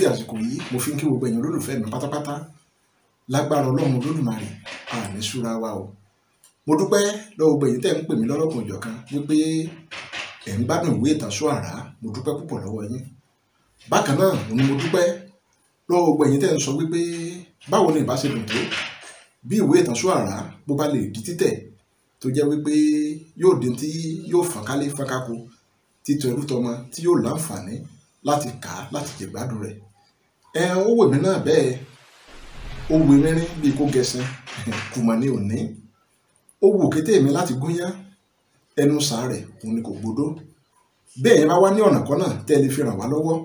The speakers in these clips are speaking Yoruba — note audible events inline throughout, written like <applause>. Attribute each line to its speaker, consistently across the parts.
Speaker 1: fi àsìkò yìí mo fi ń kí gbogbo ẹ̀yin olólùfẹ́ mi pátápátá lágbára ọlọ́run olódùmarè àmì súra wa o mo dúpẹ́ lọ́wọ́ gbogbo ẹ̀yin tẹ́ ń pè mí lọ́lọ́kùn ìjọ̀kan wípé ẹ̀ ń gbádùn ìwé ìtàn Ṣóàrà mo dúpẹ́ púpọ̀ lọ́wọ́ yín bákan náà ni mo dúpẹ́ lọ́wọ́ gbogbo ẹ̀yin tẹ́ ń sọ wípé báwo ni ìbá dùn tó bí ìwé ìtàn Ṣóàrà bó ba lè di títẹ̀ tó jẹ́ wípé yóò dín tí yóò fànkálé fànkáko títọ ẹrú tí yóò láǹfààní láti kà á láti jẹ gbádùn rẹ̀ ẹ ó wò mí náà bẹ́ẹ̀ ó wù rírín bíi kó ni ò ní ó kété mi láti gúnyá ẹnu sàn òun ni kò gbódó bẹ́ẹ̀ yẹn bá wá ní ọ̀nà kan náà tẹ́ ẹ lè fi ràn wá lọ́wọ́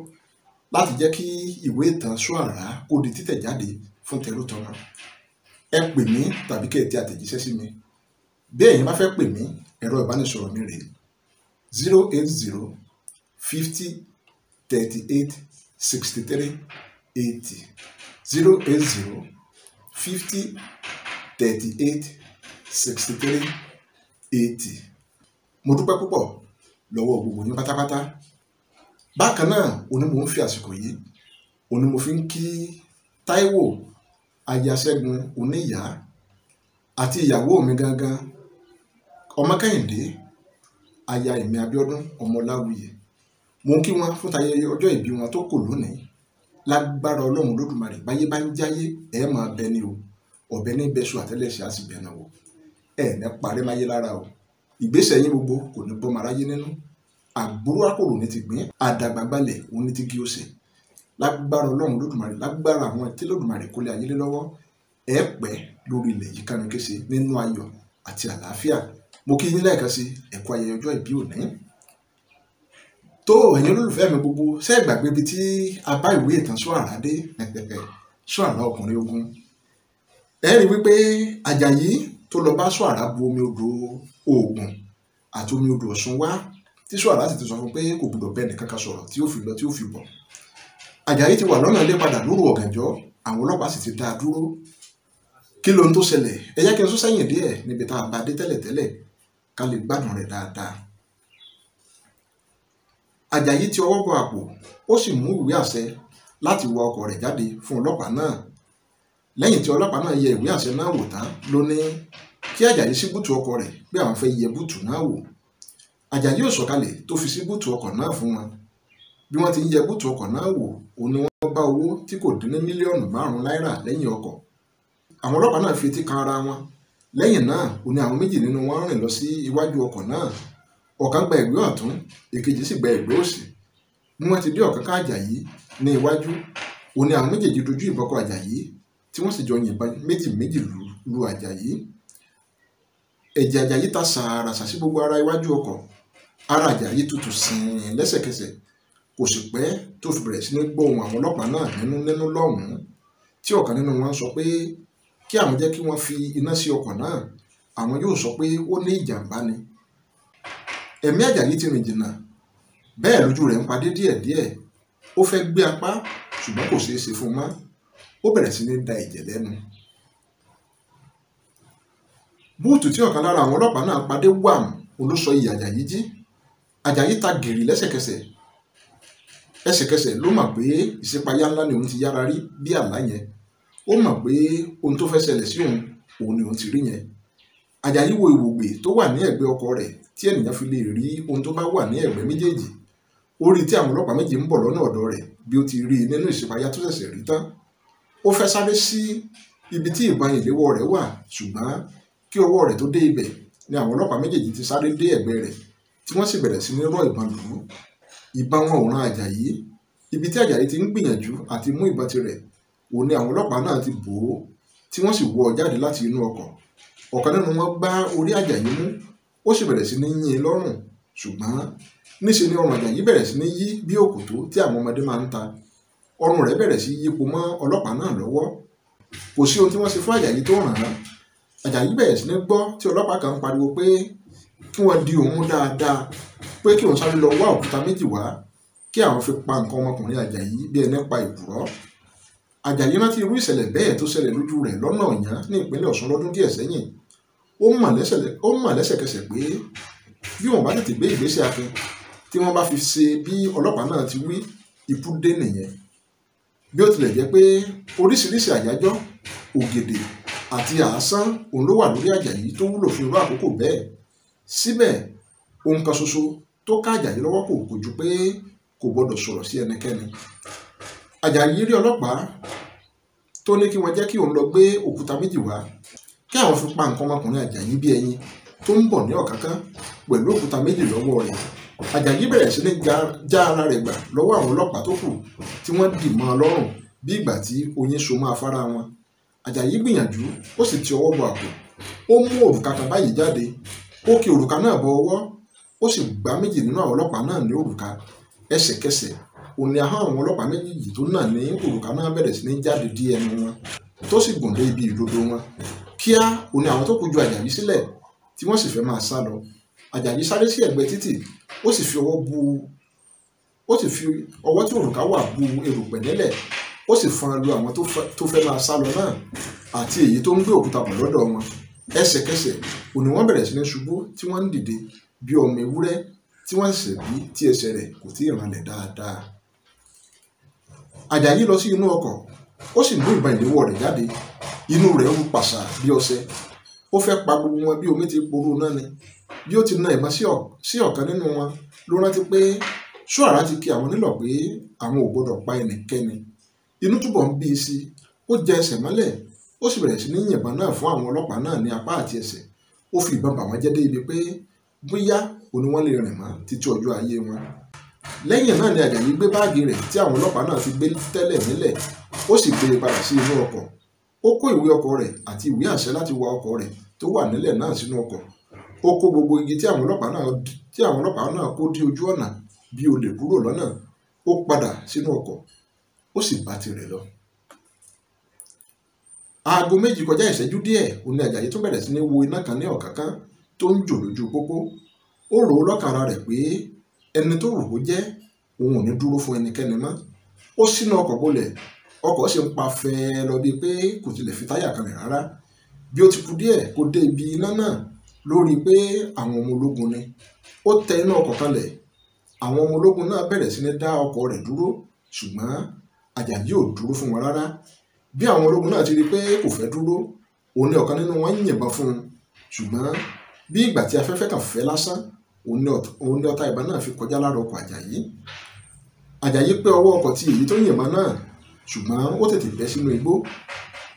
Speaker 1: láti jẹ́ kí ìwé ìtàn ṣọ́ara kó di títẹ̀ jáde fún tẹrútọrọ ẹ pè mí tàbí kẹ́ mi bẹ́ẹ̀ yẹn bá fẹ́ mi rèé zero eight zero fifty thirty eighty zero eight zero fifty thirty eight sixty three eighty mo dúpẹ́ púpọ̀ lọ́wọ́ gbogbo yín pátápátá bákan náà oní mo ń fi àsìkò yìí oní mo fi ń kí Táíwò aya Ṣẹ́gun oníyà àti ìyàwó mi gangan ọmọ Kẹ́hìndé aya ìmí Abíọ́dún ọmọ Láwuyè mo ń kí wọn fún tayẹyẹ ọjọ́ ìbí wọn tó kò lónìí lágbára ọlọ́run lódùmarè báyé bá ń jáyé ẹ máa bẹ ni o ọ̀bẹ ní bẹ́sù àtẹ́lẹsẹ̀ á sì bẹ náà wò ẹ ní parẹ́ máyé lára o ìgbésẹ̀ yín gbogbo kò ní bọ́ màráyé nínú àgbúrú àkòrò ní ti gbìn àdàgbàgbàlẹ̀ òun ní ti gí ó sè lágbára ọlọ́run lódùmarè lágbára àwọn tí lódùmarè kólé ayé lé lọ́wọ́ ẹ pẹ́ lórí ilẹ̀ yìí kánú kése nínú ayọ̀ àti àlàáfíà mo kí yín lẹ́ẹ̀kan tó ẹ̀yin olólùfẹ́ mi gbogbo ṣé ẹ gbàgbé ibi tí a bá ìwé ìtàn ṣọ́àrà dé ṣọ́àrà ọkùnrin ogun ẹ rí wípé àjàyí tó lọ bá ṣọ́àrà bu omi odò Ògùn àti omi odò Ọ̀ṣun wá tí ṣọ́àrà sì ti sọ fún pé kò gbọdọ̀ bẹ́ẹ̀ nìkan kan sọ̀rọ̀ tí ó fi lọ tí ó fi bọ̀ àjàyí ti wà lọ́nà ilé padà lóru ọ̀gànjọ́ àwọn ọlọ́pàá sì ti dá a dúró kí ló ń tó ṣẹlẹ̀ ẹ jẹ́ kí n sún sẹ́yìn díẹ̀ níbi tá a bá dé tẹ́lẹ̀tẹ́lẹ̀ ká lè gbádùn rẹ̀ dáadáa ajayi ti ọwọ́ bọ àpò ó sì mú ìwé àṣẹ láti wa ọkọ̀ rẹ̀ jáde fún ọlọ́pàá náà lẹ́yìn tí ọlọ́pàá náà yẹ ìwé àṣẹ náà wò tán ló ní kí Àjàyí sí bùtù ọkọ̀ rẹ̀ pé àwọn fẹ́ yẹ bùtù náà wò Àjàyí ò sọ̀kalẹ̀ tó fi sí bùtù ọkọ̀ náà fún wọn bí wọ́n ti ń yẹ bùtù ọkọ̀ náà wò òun ni wọ́n bá owó tí kò dín ní mílíọ̀nù ọ̀kan gba ẹ̀gbẹ́ ọ̀tún èkejì sì gba ẹ̀gbẹ́ òsì ni wọ́n ti dé ọ̀kánkà àjàyí ní iwájú òun ni àwọn méjèèjì dojú ìbọn kọ àjàyí tí wọ́n sì jọ yìnbọn méjì méjì lu àjàyí ẹ̀jẹ̀ àjàyí ta sàárà sàsí gbogbo ara iwájú ọkọ̀ ara àjàyí tutù sìn lẹ́sẹ̀kẹsẹ̀ kò sì pẹ́ tó fi bẹ̀rẹ̀ sí ní gbọ́ ohùn àwọn ọlọ́pàá náà nínú nínú lọ́hùn-ún tí ọ̀kan nínú wọn sọ pé kí àwọn jẹ́ kí wọ́n fi iná sí ọkọ̀ náà àwọn yóò sọ pé ó ní ìjàmbá ni ẹ̀mí Àjàyí ti rìn jìnnà bẹ́ẹ̀ lójú rẹ̀ ń padé díẹ̀díẹ̀ ó fẹ́ gbé apá ṣùgbọ́n kò ṣeé ṣe fún un mọ́ ó bẹ̀rẹ̀ sí ní da ẹ̀jẹ̀ lẹ́nu búùtù tí ọ̀kan lára àwọn ọlọ́pàá náà padé wàm olóṣọ iyì Àjàyí jí Àjàyí ta gìrì lẹ́sẹ̀kẹsẹ̀ ẹsẹ̀kẹsẹ̀ ló mọ̀ pé ìṣípayá ńlá ni òun ti yára rí bí àlá yẹn ó mọ̀ pé ohun tó fẹ́ ṣẹlẹ̀ sí òun òun ni òun ti rí yẹn Àjàyí wo ìwògbè tó wà ní ẹ̀gbẹ́ ọkọ̀ rẹ̀ tí ènìyàn fi lè rí ohun tó bá wà ní ẹ̀gbẹ́ méjèèjì ó rí i tí àwọn ọlọ́pàá méjì ń bọ̀ lọ́nà ọ̀dọ̀ rẹ̀ bí ó ti rí i nínú ìṣípayá tó ṣẹ̀ṣẹ̀ rí tán ó fẹ́ sáré sí ibi tí ìbọn ìléwọ́ rẹ̀ wà ṣùgbọ́n kí ọwọ́ rẹ̀ tó dé ibẹ̀ ni àwọn ọlọ́pàá méjèèjì ti sáré dé ẹ̀gbẹ́ rẹ̀ tí wọ́n sì bẹ̀rẹ̀ sí ní rọ́ ìbọn lù ú ìbọn wọn ò ran Àjàyí ibi tí Àjàyí ti ń gbìyànjú àti mú ìbọn tirẹ̀ òun ni àwọn ọlọ́pàá náà ti bò ó tí wọ́n sì wọ́ ọ jáde láti inú ọkọ̀ ọ̀kan nínú wọn gbá orí àjàyí mú ó sì bẹ̀rẹ̀ sí ní yín in lọ́rùn ṣùgbọ́n níṣe ni ọrùn àjàyí bẹ̀rẹ̀ sí ní yí bí òkòtó tí àwọn ọmọdé máa ń ta ọrùn rẹ̀ bẹ̀rẹ̀ sí yípo mọ́ ọlọ́pàá náà lọ́wọ́ kò sí ohun tí wọ́n ṣe fún àjàyí tó ràn án àjàyí bẹ̀rẹ̀ sí ní gbọ́ tí ọlọ́pàá kan pariwo pé kí wọ́n di òun dáadáa pé kí òun sáré lọ wá òkúta méjì wá kí àwọn fi pa nǹkan ọmọkùnrin àjàyí bí ẹni pa ìbùrọ́ Àjàyí rántí irú ìṣẹ̀lẹ̀ bẹ́ẹ̀ tó ṣẹlẹ̀ lójú rẹ̀ lọ́nà ọ̀yán ní ìpínlẹ̀ Ọ̀ṣun lọ́dún díẹ̀ sẹ́yìn ó mọ̀ lẹ́sẹ̀kẹsẹ̀ pé bí wọ́n bá tètè gbé ìgbésẹ̀ akin tí wọ́n bá fi ṣe bí ọlọ́pàá náà ti wí ikú dé nìyẹn bí ó tilẹ̀ jẹ́ pé oríṣiríṣi àyájọ́ ògèdè àti àásán òun ló wà lórí Àjàyí tó wúlò fún irú àkókò bẹ́ẹ̀ síbẹ̀ ohun kan ṣoṣo tó ká Àjàyí lọ́wọ́ kò kò ju pé kò gbọdọ̀ sọ̀rọ̀ sí ẹnikẹ́ni Àjàyí rí ọlọ́pàá tó ní kí wọ́n jẹ́ kí òun lọ gbé òkúta méjì wá kí àwọn fi pa nǹkan ọmọkùnrin Àjàyí bí ẹyin tó ń bọ̀ ní ọ̀kánkán pẹ̀lú òkúta méjì lọ́wọ́ rẹ̀ Àjàyí bẹ̀rẹ̀ sí ní já ara rẹ̀ gbà lọ́wọ́ àwọn ọlọ́pàá tó kù tí wọ́n dì mọ́ ọ lọ́rùn bí ìgbà tí oyin so máa fara wọn Àjàyí gbìyànjú ó sì ti ọwọ́ bọ àpò ó mú òrùka kan báyìí jáde ó ki òrùka náà bọ ọwọ́ ó sì gbá méjì nínú àwọn ọlọ́pàá náà ní òrùka ẹsẹ̀kẹsẹ̀ òun ni ahọ́n àwọn ọlọ́pàá méjèèjì tó nà ní òrùka náà bẹ̀rẹ̀ sí ní jáde dí ẹnu wọn tó sì gùn dé ibi ìdodo wọn kíá òun ni àwọn tó kù ju àjàyí sílẹ̀ tí wọ́n sì fẹ́ máa sá lọ àjàyí sáré sí ẹ̀gbẹ́ títì ó sì fi ọwọ́ bu ó sì fi ọwọ́ tí òrùka wà bu erùpẹ̀ nílẹ̀ ó sì fọ́nra lu àwọn tó fẹ́ máa sá lọ náà àti èyí tó ń gbé òkúta bọ̀ lọ́dọ̀ wọn ẹsẹ̀kẹsẹ̀ òní wọ́n bẹ̀rẹ̀ sí ní ṣubú tí wọ́n ń dìde bí ọmọ ewúrẹ́ tí wọ́n ṣẹ̀ṣẹ̀ bí tí ẹsẹ̀ rẹ̀ kò tí ì rànlẹ̀ dáadáa àjàyí lọ sí inú ọkọ̀ ó sì mú ìbọn ìléwọ́ rẹ̀ jáde inú rẹ̀ ń pàṣà bí ọṣẹ ó fẹ́ pa gbogbo wọn bí omi ti porú náà ni bí ó ti na ìbọn sí ọ̀kan nínú wọn ló rántí pé ṣọ́ara ti kí àwọn nílọ̀ pé àwọn ò gbọdọ̀ pa ẹnikẹ́ni inú túbọ̀ ń bí i sí ó jẹ ẹsẹ̀ mọ́lẹ̀ ó sì bẹ̀rẹ̀ sí ní yìnbọn náà fún àwọn ọlọ́pàá náà ní apá àti ẹsẹ̀ ó fi ìbọn bà wọ́n jẹ́ dé ibi pé bóyá òní wọ́n lè rìn mọ́ títí ọjọ́ ayé wọn lẹ́yìn náà ni Àjàyí gbé báàgì rẹ̀ tí àwọn ọlọ́pàá náà ti gbé tẹ́lẹ̀ nílẹ̀ ó sì gbé e padà sí inú ọkọ̀ ó kó ìwé ọkọ̀ rẹ̀ àti ìwé àṣẹ láti wa ọkọ̀ rẹ̀ tó wà nílẹ̀ náà sínú ọkọ̀ ó kó gbogbo igi tí àwọn ọlọ́pàá náà kó dí ojú ọ̀nà bí olè kúrò lọ́nà ó padà sínú ọkọ̀ ó sì bá tirẹ̀ lọ. aago méjì kọjá ìṣẹ́jú òun ò ní dúró fún ẹnikẹ́ni mọ́ ó sínú ọkọ̀ gbolẹ̀ ọkọ̀ ṣe ń pa fẹ́ẹ́ lọ bíi pé kò tilẹ̀ fi táyà kan rìn rárá bí ó ti kù díẹ̀ kó dé ibi iná náà lórí pé àwọn ọmọ ológun ni ó tẹ iná ọkọ̀ kanlẹ̀ àwọn ọmọ ológun náà bẹ̀rẹ̀ sí ní dá ọkọ̀ rẹ̀ dúró ṣùgbọ́n Àjàyí ò dúró fún wọn rárá bí àwọn ológun náà ti rí pé kò fẹ́ dúró òun ni ọ̀kan nínú wọn ń yìnbọn fún un ṣùgbọ́n bí ìgbà tí afẹ́fẹ́ kàn fẹ́ lásán òun ni ọta ìbọn náà fi kọjá lára ọkọ̀ Àjàyí àjàyí pé ọwọ́ ọkọ̀ ti èyí tó yìnbọn náà ṣùgbọ́n ó tètè bẹ́ sínú igbó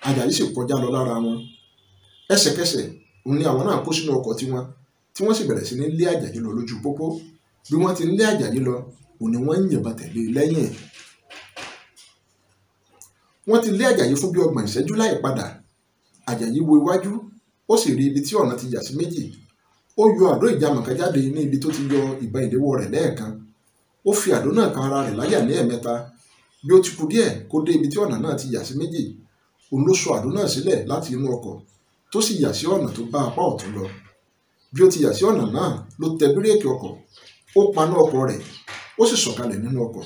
Speaker 1: àjàyí sì kọjá lọ lára wọn ẹsẹ̀kẹsẹ̀ òun ni àwọn náà kó sínú ọkọ̀ tiwọn tí wọ́n sì bẹ̀rẹ̀ sí ní lé àjàyí lọ lójú pópó bí wọ́n ti ń lé àjàyí lọ òun ni wọ́n ń yìnbọn tẹ̀lé e lẹ́yìn ẹ̀ wọ́n ti lé àjàyí fún bí ọgbọ̀n ìṣẹ́jú láì padà àjàyí wo iwájú ó sì rí ibi tí ọ̀nà ti yà sí méjì ó yọ àdó ìjàmọ̀ kan jáde ní ibi tó ti yọ ìbọn ìléwọ́ rẹ̀ lẹ́ẹ̀kan ó fi àdó náà kan ara rẹ̀ láyà ní ẹ̀mẹ́ta bí ó ti kù díẹ̀ kó dé ibi tí ọ̀nà náà ti yà sí méjì òun ló sọ àdó náà sílẹ̀ láti inú ọkọ̀ tó sì yà sí ọ̀nà tó bá apá ọ̀tún lọ bí ó ti yà sí ọ̀nà náà ló tẹ bíréèkì ọkọ̀ ó paná ọkọ̀ rẹ̀ ó sì sọ̀kalẹ̀ nínú ọkọ̀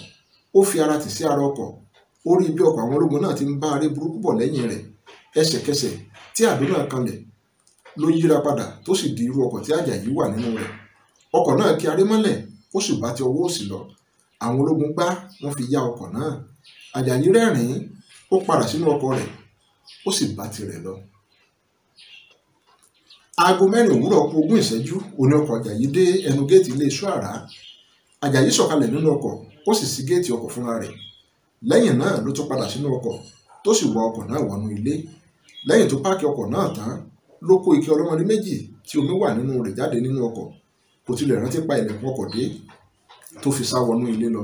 Speaker 1: ó fi ara tì sí ara ọkọ̀ ó rí bí ọkọ̀ àwọn ológun náà ti ń bá aré burúkú bọ̀ lẹ́yìn rẹ̀ ẹsẹ̀kẹsẹ̀ tí àdó náà kanlẹ̀ ló yíra padà tó sì di irú ọkọ̀ tí àjàyí wà nínú rẹ̀ ọkọ̀ náà kí aré ó sì bá ti ọwọ́ òsì lọ àwọn ológun gbá wọ́n fi yá ọkọ̀ náà àjàyí rẹ́rìn-ín ó padà sínú ọkọ̀ rẹ̀ ó sì bá tirẹ̀ lọ. aago mẹ́rin òwúrọ̀ kù ogún ìṣẹ́jú òní ọkọ̀ àjàyí dé ẹnu géètì ilé iṣu àrá àjàyí sọ̀kalẹ̀ nínú ọkọ̀ ó sì ṣí géètì ọkọ̀ fúnra rẹ̀ lẹ́yìn náà ló tún padà sínú ọkọ̀ tó sì wọ ọkọ̀ náà wọnú ilé lẹ́yìn tó páàkì ọkọ̀ náà tán ló kó ike ọlọ́mọdé méjì tí omi wà nínú rẹ̀ jáde nínú ọkọ̀ kò tilẹ̀ rántí pa ilẹ̀kùn ọkọ̀ dé tó fi sá wọnú ilé lọ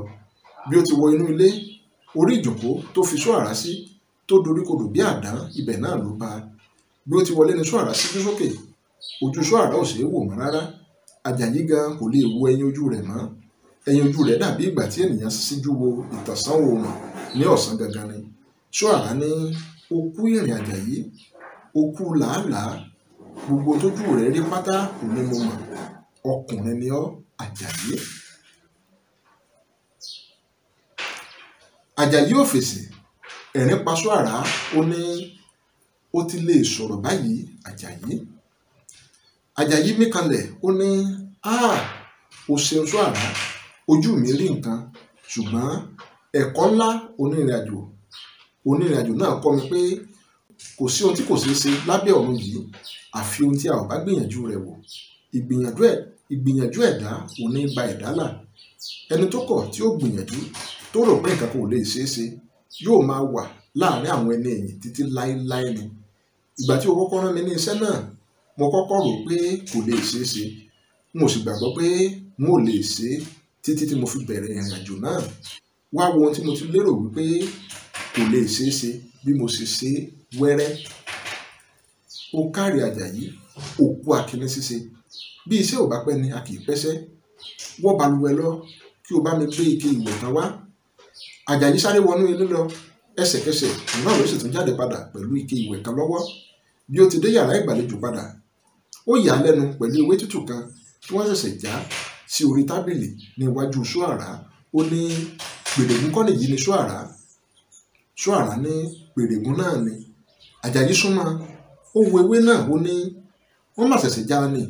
Speaker 1: bí ó ti wọ inú ilé orí ìjòkó tó fi sọ àrá sí tó doríkodò bí àdán ibẹ̀ náà ló bá bí ó ti wọlé ní sọ àrá síjú sókè ojú sọ àrá ò ṣeé wò mọ́ rárá Àjàyí gan kò lè wo ẹyin ojú rẹ̀ mọ́ ẹyin ojú rẹ̀ dàbí ìgbà tí ènìyàn ṣíjú wo ìtànsán oòrùn ní ọ̀sán gangan ni sọ àrá ní okú ìrìn Àjàyí okú làálàá gbogbo tójú rẹ̀ rí pátá kò ní mo mọ̀ ọkùnrin ni ọ́ Àjàyí Àjàyí ò fèsì ẹ̀rín paṣọ àrá ó ní ó ti lè sọ̀rọ̀ báyìí Àjàyí Àjàyí mí kanlẹ̀ ó ní áà o ṣeun sọ àrá ojú mi rí nǹkan ṣùgbọ́n ẹ̀kọ́ ńlá onírìnàjò onírìnàjò náà kọ́ mi pé kò sí ohun tí kò ṣeé ṣe lábẹ́ ọ̀run yìí àfi ohun tí a ò bá gbìyànjú rẹ̀ wò ìgbìyànjú ẹ̀ ìgbìyànjú ẹ̀dá ò ní ba ẹ̀dá là ẹni tó kọ̀ tí ó gbìyànjú tó rò pé nǹkan kan lè ṣeé ṣe yóò máa wà láàrin àwọn ẹni ẹ̀yìn títí láéláé ni ìgbà tí o kọ́kọ́ rán mi ní iṣẹ́ náà mo kọ́kọ́ rò pé kò lè ṣeé ṣe mo sì gbàgbọ́ pé n ò lè ṣe títí tí mo fi bẹ̀rẹ̀ ìrìn àjò náà wá wo ohun tí mo ti lérò wípé kò lè ṣeé ṣe bí mo ṣe ṣe wẹ́rẹ́ o káre Àjàyí òkú akíní ṣíṣe bí iṣẹ́ ò bá pẹ́ ni a kì í pẹ́ṣẹ́ wọ́ balùwẹ̀ lọ kí o bá mi gbé ike ìwẹ̀ kan wá àjàyí sáré wọnú ilé lọ ẹsẹ̀kẹsẹ̀ náà ló sì tún jáde padà pẹ̀lú ike ìwẹ̀ kan lọ́wọ́ bí ó ti dé yàrá ìgbàlejò padà ó yà á lẹ́nu pẹ̀lú ewé tútù kan tí wọ́n ṣẹ̀ṣẹ̀ já sí orí tábìlì ní iwájú ṣóàrà ó ní pèrègùn kọ́ nìyí ni ṣóàrà ṣóàrà ní pèrègùn náà ni àjàyí súnmọ́ ó wo ewé náà ó ní wọ́n má ṣẹ̀ṣẹ̀ já ni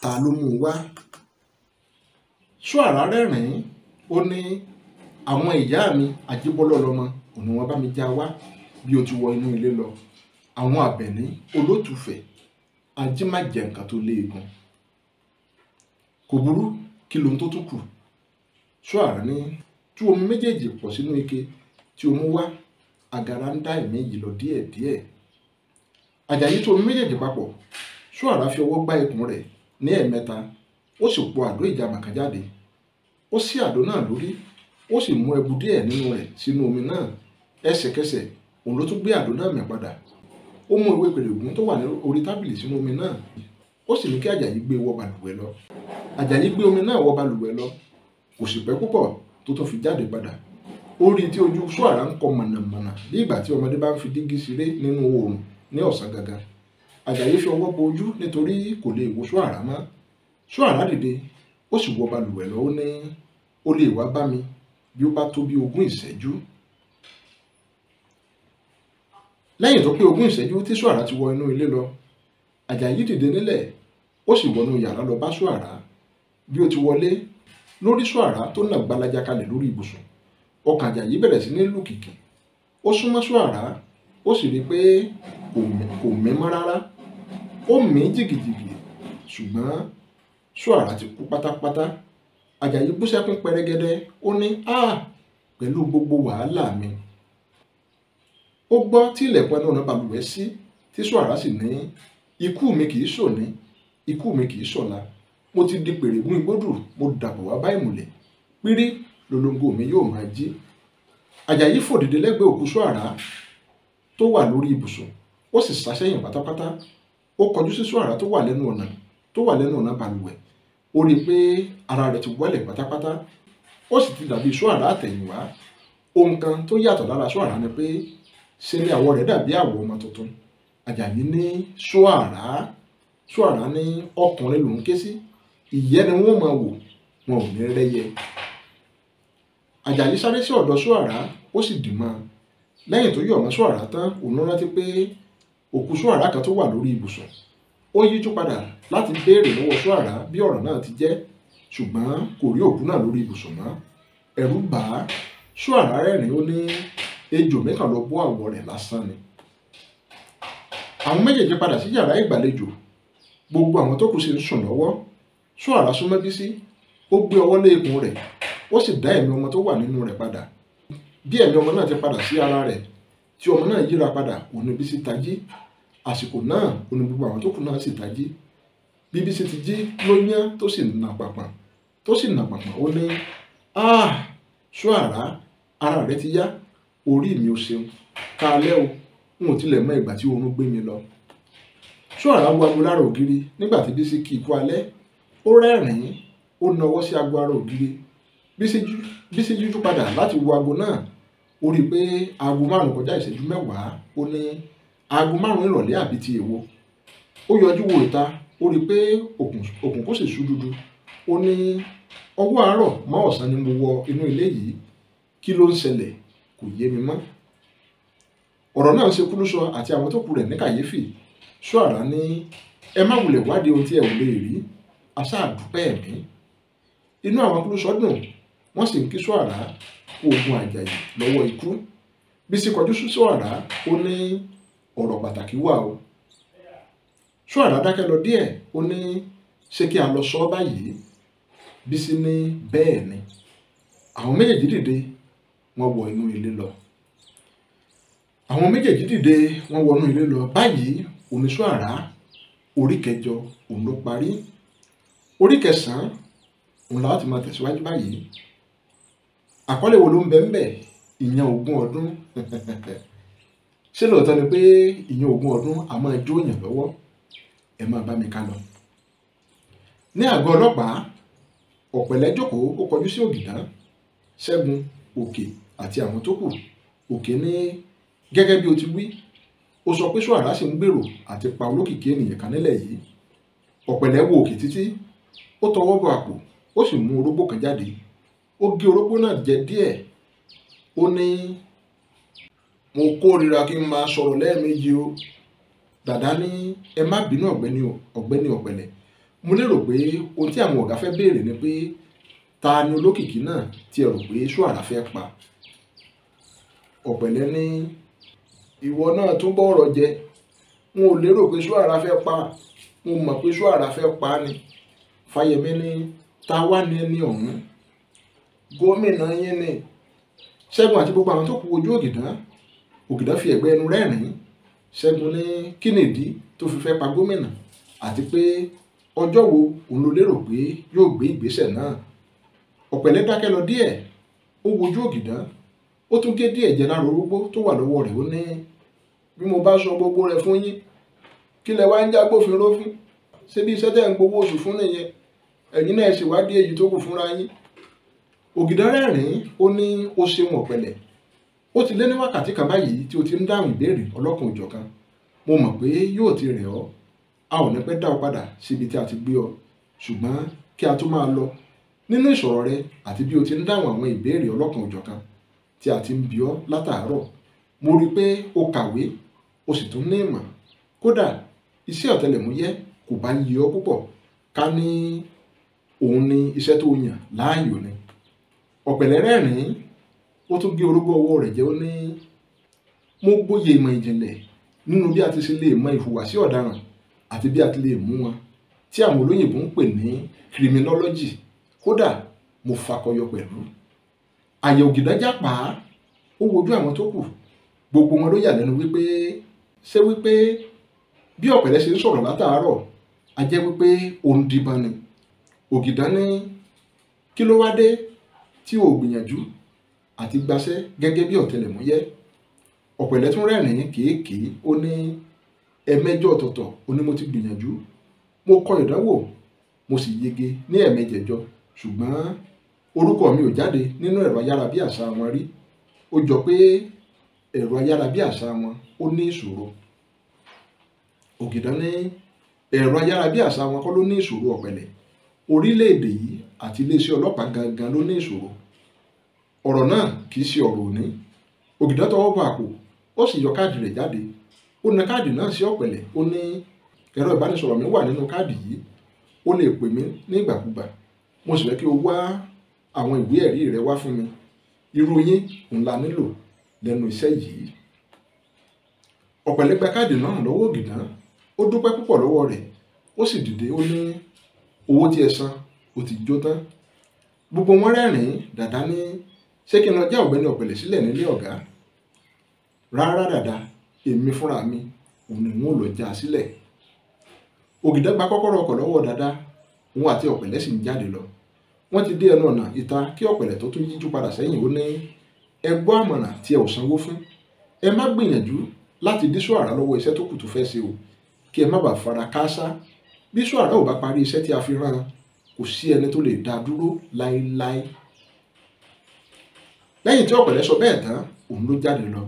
Speaker 1: ta ló mú un wá ṣọ́ara rẹ́rìn-ín ó ní àwọn ìyá mi àjíbọ́lá ọlọ́mọ òní wọn bá mi já wá bí o ti wọ inú ilé lọ àwọn àbẹ̀ní olótùfẹ̀ ajímàjẹ̀ nǹkan tó léegun kò burú kí lohun tó tún kù ṣọ́ara ní tú omi méjèèjì pọ̀ sínú ike tí o mú wá àgàrà ń dá ẹ̀mí yìí lọ díẹ̀díẹ̀ àjàyí tú omi méjèèjì papọ̀ ṣọ́ara fi ọwọ́ gbá ikùn rẹ̀ ní emeta ó sì po àdó ìjàbàká jáde ó sí àdó náà lórí ó sì mú ẹbu díẹ̀ nínú rẹ̀ sínú omi náà ẹsẹ̀kẹsẹ̀ òun ló tún gbé àdó náà mẹ́ padà ó mú ewé pèrègùn tó wà ní orí omi náà ó sì ní kí àjàyí gbé wọ balùwẹ̀ lọ àjàyí gbé omi náà wọ balùwẹ̀ lọ kò sì pẹ́ púpọ̀ tó fi jáde padà ó rí tí ojú ń kọ mọ̀nàmọ̀nà bí ìgbà tí ọmọdé bá ń fi dígí nínú àjàyí fi ọwọ́ bo ojú nítorí kò lè wo ṣọ́ara mọ́ ṣọ́ara dìde ó sì wọ balùwẹ̀ lọ ó ní ó lè wá bá mi bí ó bá tó bí ogún ìṣẹ́jú lẹ́yìn tó pé ogún ìṣẹ́jú tí ṣọ́ara ti wọ inú ilé lọ àjàyí dìde nílẹ̀ ó sì wọnú yàrá lọ bá ṣọ́ara bí ó ti wọlé lórí ṣọ́ara tó nà gbalaja kalẹ̀ lórí ibùsùn ọkàn àjàyí bẹ̀rẹ̀ sí ní lùkìkì ó súnmọ́ ṣọ́ara ó sì rí i pé kò mẹ́mọ́ rárá ó mí jìgìjìgì ṣùgbọ́n ṣọ́ara ti kú pátápátá àjàyí bú sẹ́kún pẹrẹgẹdẹ ó ní a pẹ̀lú gbogbo wàhálà mi ó gbọ́ tí ilẹ̀kùn ẹnu ọ̀nà balùwẹ̀ sí tí ṣọ́ara sì ní ikú mi kì í ṣòní ikú mi kì í ṣọ̀la mo ti di pèrè mú igbódù mo dàbọ̀ wá bá ìmùlẹ̀ pírí lolongo mi yóò máa jí àjàyí fò dìde lẹ́gbẹ̀ẹ́ òkú ṣọ́ara tó wà lórí ibùsùn ó sì sá pátápátá ó kọjú sí ṣọ́ara tó wà lẹ́nu ọ̀nà tó wà lẹ́nu ọ̀nà balùwẹ̀ ó rí i pé ara rẹ̀ ti wálẹ̀ pátápátá ó sì ti dàbí ṣọ́ara àtẹ̀yìnwá ohun kan tó yàtọ̀ lára ṣọ́ara ni pé ṣe ni àwọ̀ rẹ̀ dàbí àwọ̀ ọmọ tuntun àjàyí ní ṣọ́ara ṣọ́ara ní ọkùnrin lòún ké sí ìyẹ́ ni wọ́n máa wò wọn ò ní rẹ́yẹ àjàyí sáré sí ọ̀dọ̀ ṣọ́ara ó sì dì mọ́ lẹ́yìn tó yọ̀ mọ́ ṣọ́ara tán òun rántí pé òkú ṣọ́ara kan tó wà lórí ibùsùn ó yíjú padà láti béèrè lọ́wọ́ ṣọ́ara bí ọ̀rọ̀ náà ti jẹ́ ṣùgbọ́n kò rí òkú náà lórí ibùsùn mọ́ ẹ̀rù bà á ṣọ́ara rẹ́rìn ó ní ejò mẹ́kàn lọ bó àwọ̀ rẹ̀ lásán ni àwọn méjèèjì padà sí yàrá ìgbàlejò gbogbo àwọn tó kù sí ń sùn lọ́wọ́ ṣọ́ara súnmọ́ Bísí ó gbé ọwọ́ lé ikùn rẹ̀ ó sì dá ẹ̀mí ọmọ tó wà nínú rẹ̀ padà bí ẹ̀mí ọmọ náà ti padà sí ara rẹ̀ tí ọmọ náà yíra padà òun ni Bísí tají àsìkò náà òun ni gbogbo àwọn tó kù náà sì tají bí Bísí ti jí ló yán tó sì nà pàpà tó sì nà pàpà ó ní ah ṣó àrá ara rẹ ti yá orí mi ò ṣeun kálẹ́ o n ò tilẹ̀ mọ ìgbà tí oorun gbé mi lọ ṣó àrá wo aago lára ògiri nígbà tí Bísí kì í kú alẹ́ ó rẹ́rìn-ín ó nawọ́ sí aago ara ògiri Bísí jú Bísí padà láti wo aago náà ó rí i pé aago márùn kọjá ìṣẹ́jú mẹ́wàá ó ní aago márùn ìrọ̀lẹ́ àbí ti èwo ó yọjú wo ìta ó rí i pé òkùn kò sì sú dúdú ó ní ọwọ́ àárọ̀ mọ́ ọ̀sán ni mo wọ inú ilé yìí kí ló ń ṣẹlẹ̀ kò yé mi mọ́ ọ̀rọ̀ náà ṣe Kúlúṣọ àti àwọn tó kù rẹ̀ ní kàyéfì Ṣọ́àrà ní ẹ má wulẹ̀ wádìí ohun tí ẹ ò lè rí aṣáàdúpẹ́ ẹ̀mí inú àwọn Kúlúṣọ dùn wọ́n sì ń kí Ṣọ́àrà oògùn àjàyè lọ́wọ́ ikú Bísí kọjú sí Ṣóàrà ó ní ọ̀rọ̀ pàtàkì wà o Ṣóàrà dákẹ́ lọ díẹ̀ ó ní ṣé kí a lọ sọ ọ́ báyìí Bísí ní bẹ́ẹ̀ ni àwọn méjèèjì dìde wọ́n wọ inú ilé lọ àwọn méjèèjì dìde wọ́n wọnú ilé lọ báyìí oníṣòàrà orí kẹjọ òun ló parí orí kẹsànán òun làwọn ti máa tẹ̀síwájú báyìí àkọlé wo ló ń bẹ ńbẹ̀ ìyẹn ogún ọdún <laughs> ṣé lóòótọ́ ni pé ìyẹn ogún ọdún a máa jó yàn lọ́wọ́ ẹ máa bá mi ká lọ. ní àgọ́ ọlọ́pàá ọ̀pẹ̀lẹ́ jókòó ó kọjú sí ògìdán ṣẹ́gun òkè àti àwọn tó kù òkè ní gẹ́gẹ́ bí o ti wí ó sọ pé ṣọ́ara ṣì ń gbèrò àti pa olókìkí ènìyàn kan nílẹ̀ yìí ọ̀pẹ̀lẹ́ wo òkè títí ó tọwọ́ bọ àpò ó sì mú orógbó kan jáde ó orógbó náà jẹ díẹ̀ ó ní mo kórira kí n máa sọ̀rọ̀ lẹ́ẹ̀mejì o dàdá ní ẹ má bínú ọ̀gbẹ́ni ọ̀gbẹ́ni ọ̀pẹ̀lẹ̀ mo lérò pé ohun tí àwọn ọ̀gá fẹ́ béèrè ni pé ta ni olókìkí náà tí ẹ rò pé ṣùàrà fẹ́ pa ọ̀pẹ̀lẹ̀ ní ìwọ náà tún bọ́ ọ̀rọ̀ jẹ n ò lérò pé ṣùàrà fẹ́ pa mo mọ̀ pé ṣùàrà fẹ́ pa ni fáyemí ní ta wá ní ẹni ọ̀hún gómìnà yín ni ṣẹ́gun àti gbogbo àwọn tó kú ojú ògìdán ògìdán fi ẹ̀gbẹ́ ẹnu rẹ́rìn-ín ṣẹ́gun ní kí nìdí tó fi fẹ́ pa gómìnà àti pé ọjọ́ wo òun ló lérò pé yóò gbé ìgbésẹ̀ náà ọ̀pẹ̀lẹ́ dákẹ́ lọ díẹ̀ ó wojú ògìdán ó tún gé díẹ̀ jẹ lára orógbó tó wà lọ́wọ́ rẹ̀ ó ní bí mo bá sọ gbogbo rẹ̀ fún yín kí lẹ wá ń já gbófinró fún ṣé bí iṣẹ́ tẹ̀ ń gbowó oṣù fún nìyẹn ẹ̀yin náà ṣèwádìí èyí tó kù fúnra yín ògìdárẹ́rìn ó ní ó ṣeun ọ̀pẹ̀lẹ̀ ó ti lé ní wákàtí kan báyìí tí o ti ń dáhùn ìbéèrè olokan òjọ̀kan mo mọ̀ pé yóò ti rẹ̀ ọ́ a ò ní pẹ́ dá ọ padà síbi tí a ti gbé ọ ṣùgbọ́n kí a tó máa lọ nínú ìṣòro rẹ àti bí o ti ń dáhùn àwọn ìbéèrè olokan òjọ̀kan tí a ti ń bi ọ́ látàárọ̀ mo rí i pé o kàwé o sì tún ní ìmọ̀ kódà iṣẹ́ ọ̀tẹlẹ̀múyẹ́ kò bá yẹ púpọ̀ ká ní òun ni iṣẹ́ tó yàn láàyò ni ọ̀pẹ̀lẹ̀ rẹ́rìn-ín ó tún gé orógbó ọwọ́ rẹ̀ jẹ́ ó ní mo gbóye ìmọ̀ ìjìnlẹ̀ nínú bí a ti ṣe lè mọ ìhùwàsí ọ̀daràn àti bí a ti lè mú wọn tí àwọn olóyìnbó ń pè ní criminology kódà mo fakọyọ pẹ̀lú àyẹ̀ ògìdájà pa á ó wojú àwọn tó kù gbogbo wọn ló yà lẹ́nu wípé ṣé wípé bí ọ̀pẹ̀lẹ̀ ṣe ń sọ̀rọ̀ látàárọ̀ a jẹ́ wípé òun díbọn ni ògìdán ní kí ló wá dé tí ò gbìyànjú àti gbaṣẹ́ gẹ́gẹ́ bí ọ̀tẹlẹ̀múyẹ́ ọ̀pẹ̀lẹ̀ tún rẹ́rìn-ín kéékèé ó ní ẹ̀mẹ́jọ ọ̀tọ̀ọ̀tọ̀ ó ní mo ti gbìyànjú mo kọ ìdánwò mo sì yege ní ẹ̀mẹ́jẹ̀jọ ṣùgbọ́n orúkọ mi ò jáde nínú ẹ̀rọ ayárabíàṣá wọn rí ó jọ pé ẹ̀rọ ayárabíàṣá wọn ó ní ìṣòro ògìdán ní ẹ̀rọ ayárabíàṣá wọn kọ́ ló ní ìṣòro ọ̀pẹ̀lẹ̀ orílẹ̀ yìí àti iléeṣẹ́ ọlọ́pàá gangan ló ní ìṣòro ọ̀rọ̀ náà kì í ṣe ọ̀rọ̀ òní Ògìdán tọwọ́ bọ àpò ó sì yọ káàdì rẹ̀ jáde ó na káàdì náà sí ọ̀pẹ̀lẹ̀ ó ní ẹ̀rọ ìbánisọ̀rọ̀ mi wà nínú káàdì yìí ó lè pè mí nígbàkúgbà mo sì fẹ́ kí o wá àwọn ìwé ẹ̀rí rẹ wá fún mi irú yín òun la nílò lẹ́nu iṣẹ́ yìí ọ̀pẹ̀lẹ̀ gba káàdì náà lọ́wọ́ Ògìdán ó dúpẹ́ púpọ̀ lọ́wọ́ rẹ̀ ó sì dìde ó ní owó tí ẹ san ó ti jó tán gbogbo wọn rẹ́rìn-ín dàda ní ṣé kí n lọ já ọ̀gbẹ́ni ọ̀pẹ̀lẹ̀ sílẹ̀ nílé ọ̀gá rárá dàda èmi fúnra mi òun ni wọn ò lọ já a sílẹ̀ ògìdá gba kọ́kọ́rọ́ ọkọ̀ lọ́wọ́ dàda òun àti ọ̀pẹ̀lẹ̀ sì ń jáde lọ wọ́n ti dé ẹnu ọ̀nà ìta kí ọ̀pẹ̀lẹ̀ tó tún yíjú padà sẹ́yìn ó ní ẹ gbọ́ àmọ̀ràn tí ẹ ò sanwó fún ẹ má gbìyànjú láti dí sóàrà lọ́wọ́ iṣẹ́ tó kù tó fẹ́ ṣe o kí ẹ má bàa fara káásá bí sóàrà ò bá parí iṣẹ́ tí a fi rán kò sí ẹni tó lè dá dúró láéláé lẹ́yìn tí ọ̀pẹ̀lẹ̀ sọ bẹ́ẹ̀ tán òun ló jáde lọ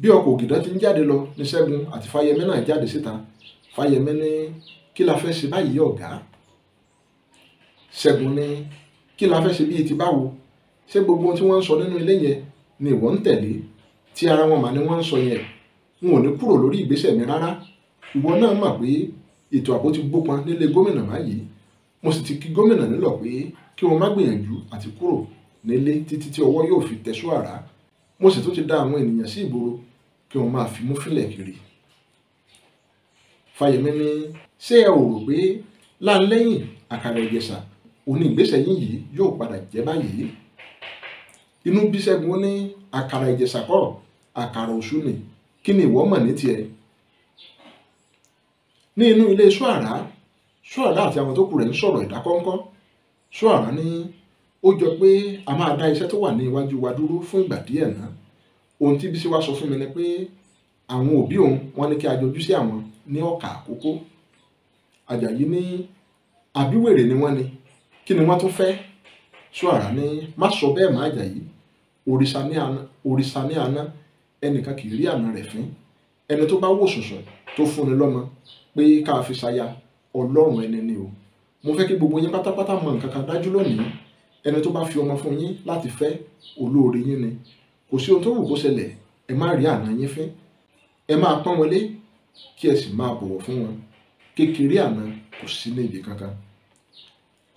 Speaker 1: bí ọkọ̀ ògìdán ti ń jáde lọ ní ṣẹ́gun àti fáyẹmí náà jáde síta fáyẹmí ní kí la fẹ́ ṣe báyìí ọ̀gá ṣẹ́gun ní kí la fẹ́ ṣe bíi ti báwo ṣé gbogbo tí wọ́n ń sọ nínú ilé yẹn ni ìwọ ń tẹ̀lé tí ara wọn mà ni wọ́n ń sọ yẹn n ò ní kúrò lórí ìgbésẹ̀ mi rárá ìwọ náà mọ̀ pé ètò ààbò gbópọn nílé gómìnà báyìí mo sì ti kí gómìnà nílọ̀ pé kí wọ́n má gbìyànjú àti kúrò nílé títí tí ọwọ́ yóò fi tẹ̀sọ́ àrá mo sì tún ti dá àwọn ènìyàn sí ìgboro kí wọ́n máa fi mú fílẹ̀ kiri. Fáyẹmí ní ṣé ẹ ò rò pé láńlẹ́yìn àkàrà ìjẹsà òní yín yìí yóò padà jẹ́ báyìí. inú bí Ṣẹ́gun ní àkàrà ìjẹsà kọ́ àkàrà òṣù ni kí ni ìwọ mọ̀ ní tiẹ̀. ní inú ilé Ṣọ́àrà ṣọ́ọ̀lá àti àwọn tó kù rẹ̀ ń sọ̀rọ̀ ìdákọ́ńkọ́ ṣọ́ọ̀rán ni ó jọ pé a máa dá iṣẹ́ tó wà ní iwájú wa dúró fún ìgbà díẹ̀ náà ohun tí Bísí wá sọ fún mi ni pé àwọn òbí òun wọ́n ní kí a jọjú sí àwọn ní ọ̀kà àkókò Àjàyí ní àbíwèrè ni wọ́n ni kí ni wọ́n tún fẹ́ ṣọ́ọ̀rán ní má sọ bẹ́ẹ̀ má Àjàyí òrìṣà ní àná òrìṣà ní àná ẹnìkan kì í rí àná rẹ̀ fín ẹni tó bá wò sùnsùn tó fúnni lọ́mọ pé ká fi ṣaya ọlọ́run ẹni ni o mo fẹ́ kí gbogbo yín pátápátá mọ nǹkan kan dájú lónìí ẹni tó bá fi ọmọ fún yín láti fẹ́ olóore yín ni kò sí ohun tó wù kó ṣẹlẹ̀ ẹ má rí àná yín fín ẹ máa pọ́n wọn lé kí ẹ sì máa bọ̀wọ̀ fún wọn kékeré àná kò sí ní ibi kankan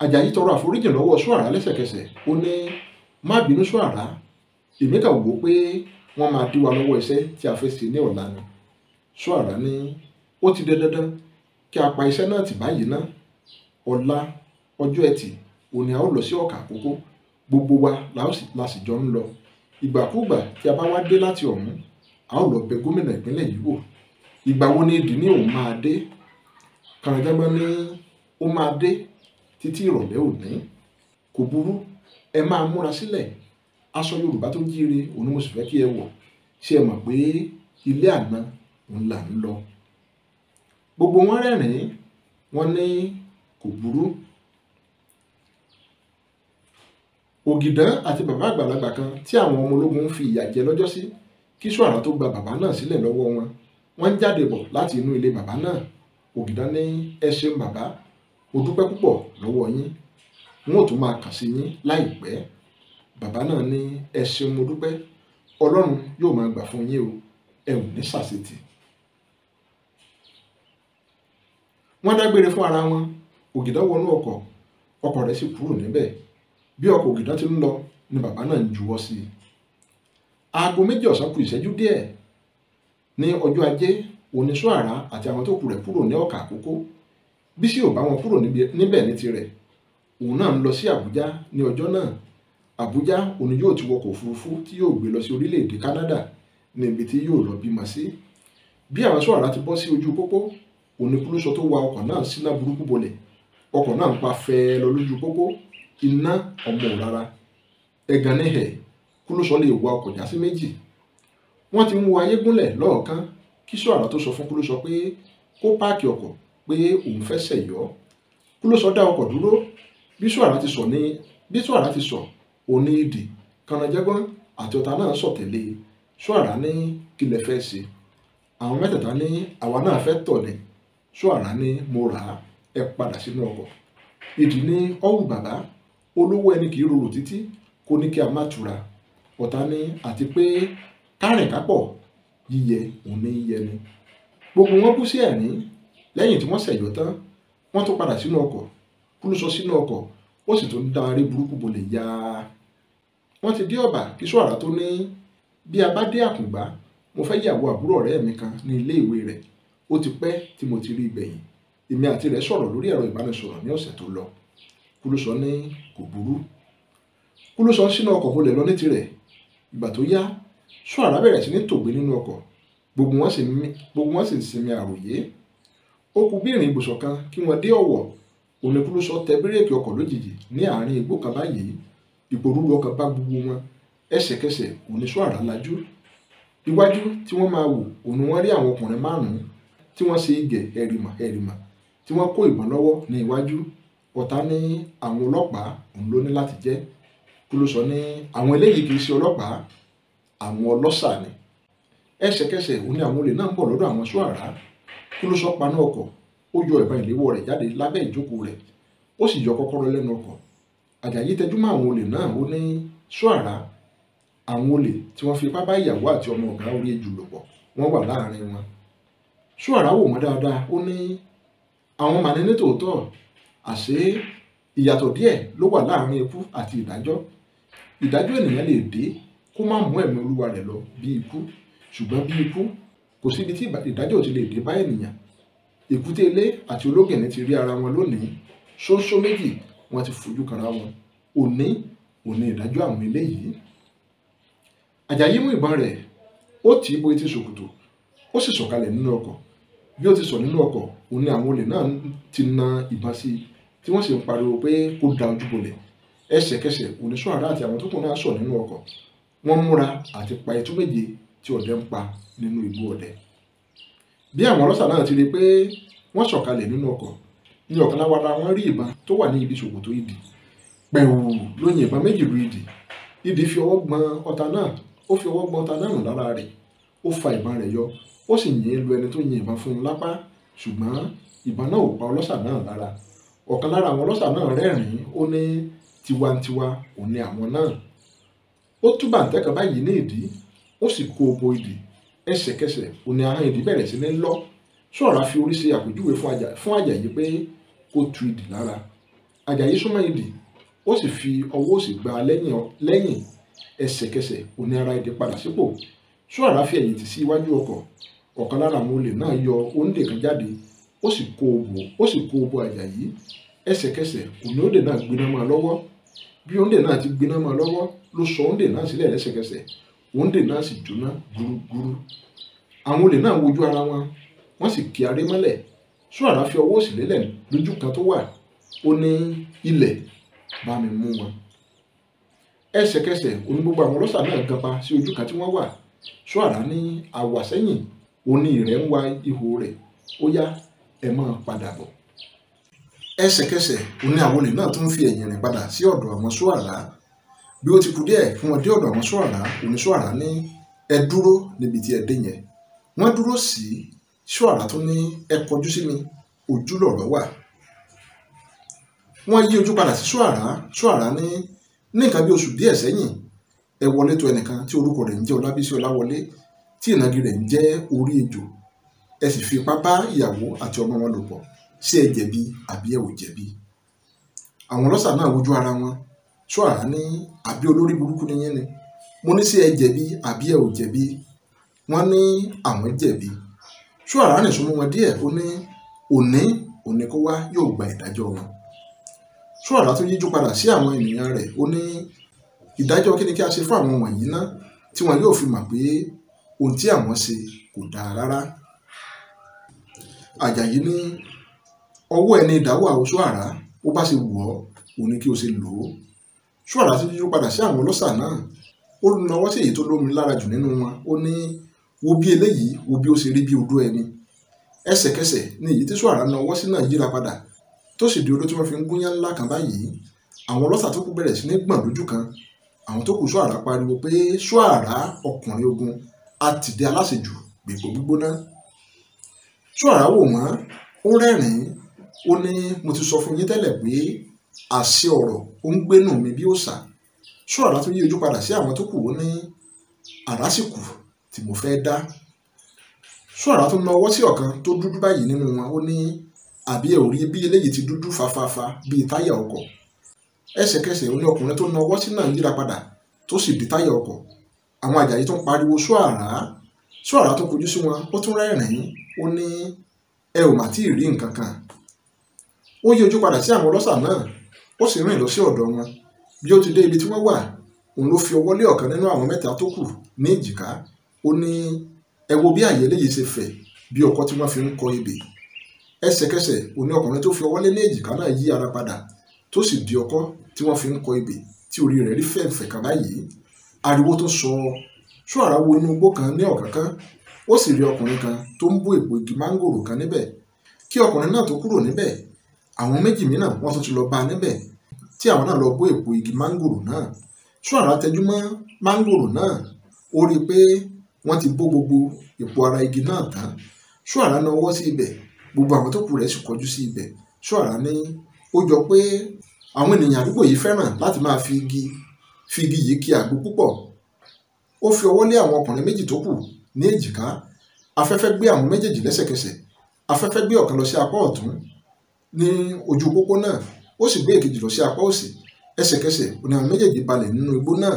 Speaker 1: Àjàyí tọrọ àforíjì lọ́wọ́ Ṣóàrà lẹ́sẹ̀kẹsẹ̀ ó ní má bínú Ṣóàrà èmi kà wò ó pé wọ́n máa dí lọ́wọ́ iṣẹ́ tí a fẹ́ ṣe ní ọ̀la ni Ṣóàrà ní ó ti dẹ́ dandan kí a pa iṣẹ́ náà tì báyìí ná ọ̀la ọjọ́ ẹtì òní a ó lọ sí ọ̀kà àkókò gbogbo wa la sì jọ ń lọ ìgbàkúgbà tí a bá wá dé láti ọ̀hún a lọ bẹ gómìnà ìpínlẹ̀ yìí wò ìgbà wo ni ìdí ní òun máa dé kàràjàgbọ́n ní ó máa dé títí ìrọ̀lẹ́ òní kò burú ẹ máa múra sílẹ̀ aṣọ yorùbá tó jíire òun ni mo sì fẹ́ kí ẹ wọ̀ ṣé ẹ mọ̀ pé ilé àná òun là ń lọ gbogbo wọn rẹ́rìn-ín wọ́n ní kò burú ògìdán àti bàbá àgbàlagbà kan tí àwọn ọmọ ológun fi ìyà jẹ lọ́jọ́sí kí ṣọ́ra tó gba bàbá náà sílẹ̀ lọ́wọ́ wọn wọ́n ń jáde bọ̀ láti inú ilé bàbá náà ògìdán ní ẹ ṣeun bàbá mo dúpẹ́ púpọ̀ lọ́wọ́ yín n ó tún máa kàn sí yín láìpẹ́ bàbá náà ní ẹ ṣeun mo dúpẹ́ ọlọ́run yóò máa gbà fún yín o ẹ ò ní ṣàṣetì wọ́n dágbére fún ara wọn ògìdán wọnú ọkọ̀ ọkọ̀ rẹ̀ sì kúrò níbẹ̀ bí ọkọ̀ ògìdán ti ń lọ ni bàbá náà ń juwọ́ sí i aago méjì ọ̀sán kù ìṣẹ́jú díẹ̀ ní ọjọ́ ajé oníṣọ́ àrá àti àwọn tó kù rẹ̀ kúrò ní ọ̀kà àkókò bísí ò bá wọn kúrò níbẹ̀ ní tirẹ̀ òun náà ń lọ sí àbújá ní ọjọ́ náà àbújá òun yóò ti wọkọ̀ òfurufú tí yóò gbé lọ sí orílẹ̀-èdè canada níbi tí yóò lọ bímọ sí bí àwọn ṣọ́ọ̀rá ti bọ́ sí ojú pópó onípolóṣọ tó wa ọkọ̀ náà síná burúkú bolẹ̀ ọkọ̀ náà ń pa fẹ́ẹ́ lọ lójú pópó iná ọmọ rárá ẹ̀gàn níhẹ̀ kúlóṣọ lè wa ọkọ̀ já sí méjì wọ́n ti ń wo ayé gúnlẹ̀ lọ́ọ̀kan kíṣọ́ àrà tó sọ fún kúlóṣọ pé kó páàkì ọkọ̀ pé òun fẹ́ sẹ̀yọ́ kúlóṣọ dá ọkọ̀ dúró bíṣọ àrà ti sọ ní bíṣọ àrà ti sọ òní ìdì kanajẹ́gbọ́n àti ọ̀tá náà sọ tẹ̀lé ṣọ́ara ní kílẹ̀ fẹ́ ṣe àwọn mẹ́tẹ̀ẹ̀ta ní àwa náà fẹ́ tọ̀ ni ṣọ́ara ni mo rà á ẹ padà sínú ọkọ̀ èjì ní ọ̀hún bàbá olówó ẹni kì í rorò títí kò ní kí a má tura ọ̀tá ni àti pé kárìn kápọ̀ yíyẹ òun ní yíyẹ ni gbogbo wọn kú sí ẹ̀ní lẹ́yìn tí wọ́n ṣẹ̀yọ́ tán wọ́n tún padà sínú ọkọ̀ kúlú sọ sínú ọkọ̀ ó sì tún darí burúkú bolè yá wọ́n ti dé ọ̀bà kí ṣọ́ara tó ní bí a bá dé àkùngbá mo fẹ́ yàwó àbúrò ọ̀rẹ́ mi kan ní ilé rẹ̀ ó ti pẹ́ tí mo ti rí ibẹ̀ yìí èmi àti rẹ̀ sọ̀rọ̀ lórí ẹ̀rọ ìbánisọ̀rọ̀ ní ọ̀sẹ̀ tó lọ kúlùsọ ní kò burú kúlùsọ sínú ọkọ̀ mo lè lọ ní tirẹ̀ ìgbà tó yá Ṣọ̀árà bẹ̀rẹ̀ sí ní tògbé nínú ọkọ̀ gbogbo wọn sì ń sinmi àròyé ó kù bí ìrìn ibùsọ̀ kan kí wọ́n dé ọ̀wọ̀ oníkúlùsọ tẹ bírèkì ọkọ̀ lójijì ní àárín igbó kan báyìí ìpòrúru ọkàn bá gbogbo wọn ẹsẹ̀kẹsẹ̀ oníṣọàrà lajú iwájú tí wọ́n máa wò òun wọ́n rí àwọn ọkùnrin márùn-ún tí wọ́n ṣe igẹ̀ ẹ̀rìmọ̀ ẹ̀rìmọ̀ tí wọ́n kó ìbọn lọ́wọ́ ní iwájú ọ̀tá ní àwọn ọlọ́pàá òun ló ní láti jẹ́ kó ló sọ ní àwọn eléyìí kì í ṣe ọlọ́pàá àwọn ọlọ́ṣà ni ẹsẹ̀kẹsẹ̀ òun ni àwọn olè náà ń bọ̀ lọ́dọ̀ àwọn ṣọ́ara kó ló sọ paná ọkọ̀ ó yọ ìbọn ìléwọ́ rẹ̀ jáde lábẹ́ ìjókòó rẹ̀ ó sì yọ kọ́kọ́rọ́ lẹ́nu ọkọ̀ àjàyí tẹjú mọ́ àwọn olè náà ó ní ṣọ́ara àwọn olè tí wọ́n fipá bá ìyàwó àti ọmọ ọ̀gá orí ejò lòpọ̀ wọ́n wà láàárín wọn ṣùwàrà wò wọ́n dáadáa ó ní àwọn màní ní tòótọ́ àṣé ìyàtọ̀ díẹ̀ ló wà láàrin ikú àti ìdájọ́ ìdájọ́ ènìyàn lè dé kó má mú ẹ̀mí olúwa rẹ̀ lọ bí ikú ṣùgbọ́n bí ikú kò síbi tí ìdájọ́ ò ti lè dé bá ènìyàn èkúté ilé àti ológìnní ti rí ara wọn lónìí ṣóńṣó méjì wọn ti fojú kanra wọn òní òní ìdájọ́ àwọn eléyìí Àjàyí mú ìbọn rẹ̀ ó tì í bo etí ṣòkòtò ó sì sọ̀kalẹ̀ nínú ọkọ̀ bí ó ti sọ nínú ọkọ̀ òun ni àwọn olè náà ti na ìbọn sí i tí wọ́n sì ń pariwo pé kó da ojú bolẹ̀ ẹsẹ̀kẹsẹ̀ oníṣọ́ àrà àti àwọn tó kù náà sọ nínú ọkọ̀ wọ́n múra àti pa ẹtú méje tí ọdẹ ń pa nínú igbó ọdẹ bí àwọn ọlọ́ṣà náà ti rí i pé wọ́n sọ̀kalẹ̀ nínú ọkọ̀ ní ọ̀kan lára wọn rí ìbọn tó wà ní ibi ṣòkòtò ìdì pẹ̀wù ló yin ìbọn méjì lu ìdì ìdì fi ọwọ́ gbọn ọta náà ó fi ọwọ́ gbọn ọta náà lára rẹ̀ ó fa ìbọn rẹ̀ yọ ó sì yìn lu ẹni tó yin ìbọn fún un lápá ṣùgbọ́n ìbọn náà ò pa ọlọ́ṣà náà lára ọ̀kan lára àwọn ọlọ́ṣà náà rẹ́rìn-ín ó ní tiwantiwa ò ní àwọn náà ó tú bàǹtẹ́ kan báyìí ní ìdí ó sì kó obo ìdì ẹsẹ̀kẹsẹ̀ ò ní ahọ́n ìdí bẹ̀rẹ̀ sí ní lọ́ ṣọ́ọ̀rá fi orí ṣe àpèjúwe fún àjàyí pé kó tu ìdì lára àjàyí súnmọ́ ìdì ó sì fi ọwọ́ òsì gba lẹ́yìn ẹsẹ̀kẹsẹ̀ ò ní ara ìdí padà sípò ṣọ́ọ̀rá fi ẹ̀yìn tì sí iwájú ọkọ̀ ọ̀kan lára àwọn olè náà yọ onílé kan jáde ó sì kó o bò ó sì kó o bò Àjàyí ẹsẹ̀kẹsẹ̀ kò ní onílé náà gbiná máa lọ́wọ́ bí onílé náà ti gbiná máa lọ́wọ́ ló sọ onílé náà sílẹ̀ lẹ́sẹ̀kẹsẹ̀ onílé náà sì jóná gúrúgúrú àwọn olè náà wojú ara wọn wọ́n sì kí aré mọ́lẹ̀ Ṣúàrà fi ọwọ́ òsì lélẹ̀ lójú kan tó wà ó ní ilẹ̀ bá mi mú wọn ẹsẹ̀kẹsẹ̀ onígbogbo àwọn ọlọ́ṣà náà gapa sí ojú kan tí wọ́n wà Ṣúàrà ní àwàsẹ́yìn oní rẹ̀ ń wa ihò rẹ̀ ó yá ẹ máa padà bọ̀. ẹsẹ̀kẹsẹ̀ oní àwọlé náà tún fi ẹ̀yìn rìn padà sí ọ̀dọ̀ àwọn ṣúàrà bí ó ti kù díẹ̀ fún wọn dé ọ̀dọ̀ àwọn ṣúàrà oní ṣúàrà ní ẹ dúró níbi tí ẹ dé yẹn wọ́n dúró sí ṣúàrà tún ní ẹ kọjú sí mi ojú lọ̀rọ̀ wà wọ́n yí ojú padà sí ṣúàrà ṣúàrà ní ní nǹkan bí oṣù díẹ̀ sẹ́yìn ẹ wọlé tó ẹnìkan tí orúkọ rẹ̀ ń jẹ́ ọlábísí ọláwọlé tí ìnagijẹ rẹ̀ ń jẹ́ orí ejò ẹ sì fi ipá bá ìyàwó àti ọmọ wọn lò pọ̀ ṣé ẹ jẹ̀bi àbí ẹ ò jẹ̀bi àwọn ọlọ́ṣà náà wojú ara wọn ṣọ́ra ní àbí olórí burúkú ni yín ni mo ní ṣé ẹ jẹ̀bi àbí ẹ ò jẹ̀bi wọ́n ní àwọn jẹ̀bi ṣọ́ra rìn súnmọ́ wọn díẹ̀ ó ní òní òní kó wá yóò gba ìdájọ́ wọn ṣọ́ra tó yíjú padà sí àwọn ènìyàn rẹ̀ ó ní ìdájọ́ kí ni kí a ṣe fún àwọn wọ̀nyí ná tí wọn yóò fi mọ̀ pé ohun tí àwọn ṣe kò dáa rárá Àjàyí ní ọwọ́ ẹni ìdáwọ́ àwòṣọ àrá ó bá ṣe wù ọ́ òun ni kí o ṣe lò ó ṣọ́ra sí yíyó padà sí àwọn ọlọ́ṣà náà ó nawọ́ sí èyí tó lómi lára jù nínú wọn ó ní wo bí eléyìí wo bí ó ṣe rí bí odó ẹni ẹsẹ̀kẹsẹ̀ ni èyí tí na nawọ́ sí náà yíra padà tó sì di odó tí wọ́n fi ń gúnyán ńlá kan báyìí àwọn ọlọ́ṣà tó kù bẹ̀rẹ̀ sí ní gbọ̀n lójú kan àwọn tó kù ṣọ́ra pariwo pé ṣọ́ra ọkùnrin ogun àtìdé aláṣejù gbègbò gbígbóná ṣọ́ra wò wọ́n ó rẹ́rìn-ín ó ní mo ti sọ fún yín tẹ́lẹ̀ pé àṣẹ ọ̀rọ̀ ó ń gbénú mi bí òòṣà ṣọ́ra tó yí ojú padà sí àwọn tó kù ó ní àrásìkù tí mo fẹ́ dá ṣọ́ra tó na ọwọ́ sí ọ̀kan tó dúdú báyìí nínú wọn ó ní àbí ẹ̀ ò rí bí eléyìí ti dúdú fafafa bíi táyà ọkọ̀ ẹsẹ̀kẹsẹ̀ ó ní ọkùnrin tó na ọwọ́ sí náà yíra padà tó sì di táyà ọkọ̀ àwọn àjàyí tó ń pariwo ṣọ́ara ṣọ́ara tó kojú sí wọn ó tún rẹ́rìn-ín ó ní ẹ ò mà tí ì rí nǹkan kan ó yí ojú padà sí àwọn ọlọ́ṣà náà ó sì rìn lọ sí ọ̀dọ̀ wọn bí ó ti dé ibi tí wọ́n wà òun ló fi ọwọ́ lé ọ̀kan nínú àwọn mẹ́ta tó kù ní ìjìká ó ní ẹ wo bí àyè eléyìí ṣe fẹ̀ bí ọkọ́ tí wọ́n fi ń kọ ebè ẹsẹ̀kẹsẹ̀ òní ọkùnrin tó fi ọwọ́ lé ní èjìká náà yí ara padà tó sì di ọkọ́ tí wọ́n fi ń kọ ebè tí orí rẹ̀ rí fẹ̀ǹfẹ̀ kà ariwo tó sọ ṣọ́ara wo inú igbó kan ní o ó sì rí ọkùnrin kan tó ń bu èpo igi máńgòrò kan níbẹ̀ kí ọkùnrin náà tó kúrò níbẹ̀ àwọn méjì mìíràn wọ́n tún ti lọ bá a níbẹ̀ tí àwọn náà lọ bó igi máńgòrò náà ṣọ́ara tẹjú mọ́ máńgòrò náà ó rí i pé ti bó gbogbo èpo ara igi náà tán náà wọ́ sí ibẹ̀ gbogbo àwọn tó kù rẹ̀ sì kọjú sí ibẹ̀ jọ pé àwọn ènìyàn àdúgbò yìí fẹ́ràn láti máa fi igi figi yìí kí àgbo púpọ̀ ó fi ọwọ́ lé àwọn ọkùnrin méjì tó kù ní èjìká afẹ́fẹ́ gbé àwọn méjèèjì lẹ́sẹ̀kẹsẹ̀ afẹ́fẹ́ gbé ọ̀kan lọ sí apá ọ̀tún ní ojú pópó náà ó sì gbé èkejì lọ sí apá òsì ẹsẹ̀kẹsẹ̀ òní àwọn méjèèjì balẹ̀ nínú igbó náà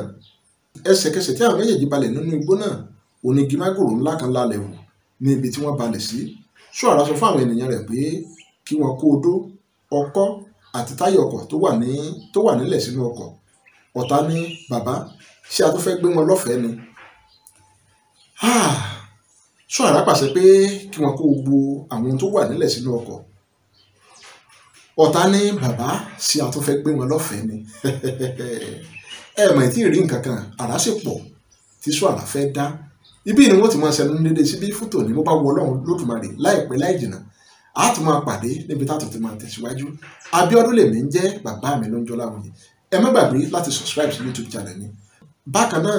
Speaker 1: ẹsẹ̀kẹsẹ̀ tí àwọn méjèèjì balẹ̀ nínú igbó náà òní gímágòrò ńlá kan lálẹ́ wò ní ibi tí wọ́n balẹ̀ sí ṣọ́ra sọ fún àwọn ènìyàn ọ̀tá ní bàbá ṣé a tó fẹ́ gbé wọn lọ́fẹ̀ẹ́ ni ah, ṣọ́ra pàṣẹ pé kí wọ́n kó gbogbo àwọn tó wà nílẹ̀ sínú ọkọ̀ ọ̀tá ní bàbá ṣé a tó fẹ́ gbé wọn lọ́fẹ̀ẹ́ ni <laughs> ẹ mọ̀ tí ì rí nǹkan kan àrá sì pọ̀ tí ṣọ́ra fẹ́ dá ibí ni wọ́n ti máa ṣẹnu dédé síbí fótó ni mo bá wọ ọlọ́run lódùmarè láìpẹ́ láì jìnnà a tún máa pàdé níbi tá a tún ti máa tẹ̀síwájú Abíọ́dún lèmi ń jẹ́ bàbá mi ló ń jọlá wòye ẹ má gbàgbé láti subscribe sí youtube channel mi bákan náà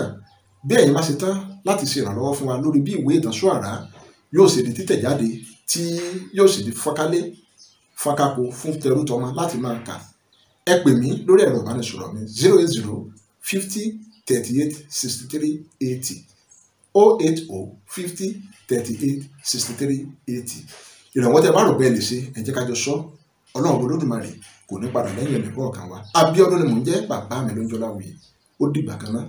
Speaker 1: bí ẹ̀yin bá ṣe tán láti ṣe ìrànlọ́wọ́ fún wa lórí bí ìwé ìtàn ṣọ́ara yóò ṣe di títẹ̀ jáde tí yóò ṣe di fọ́nkálé fọ́nkáko fún tẹrú tọmọ láti máa kà ẹ pè mí lórí ẹ̀rọ ìbánisọ̀rọ̀ mi zero eight zero fifty thirty eight sixty three eighty O oh eight O oh fifty thirty eight sixty three eighty ìrànwọ́ tẹ bá rò bẹ́ẹ̀ lè ṣe ẹ jẹ́ ká jọ sọ ọlọ́run olódùmarè kò ní padà lẹ́yìn ẹnì kọ̀ọ̀kan wa Abíọ́dún ni mò ń jẹ́ bàbá mi ló ó dìgbà kan náà.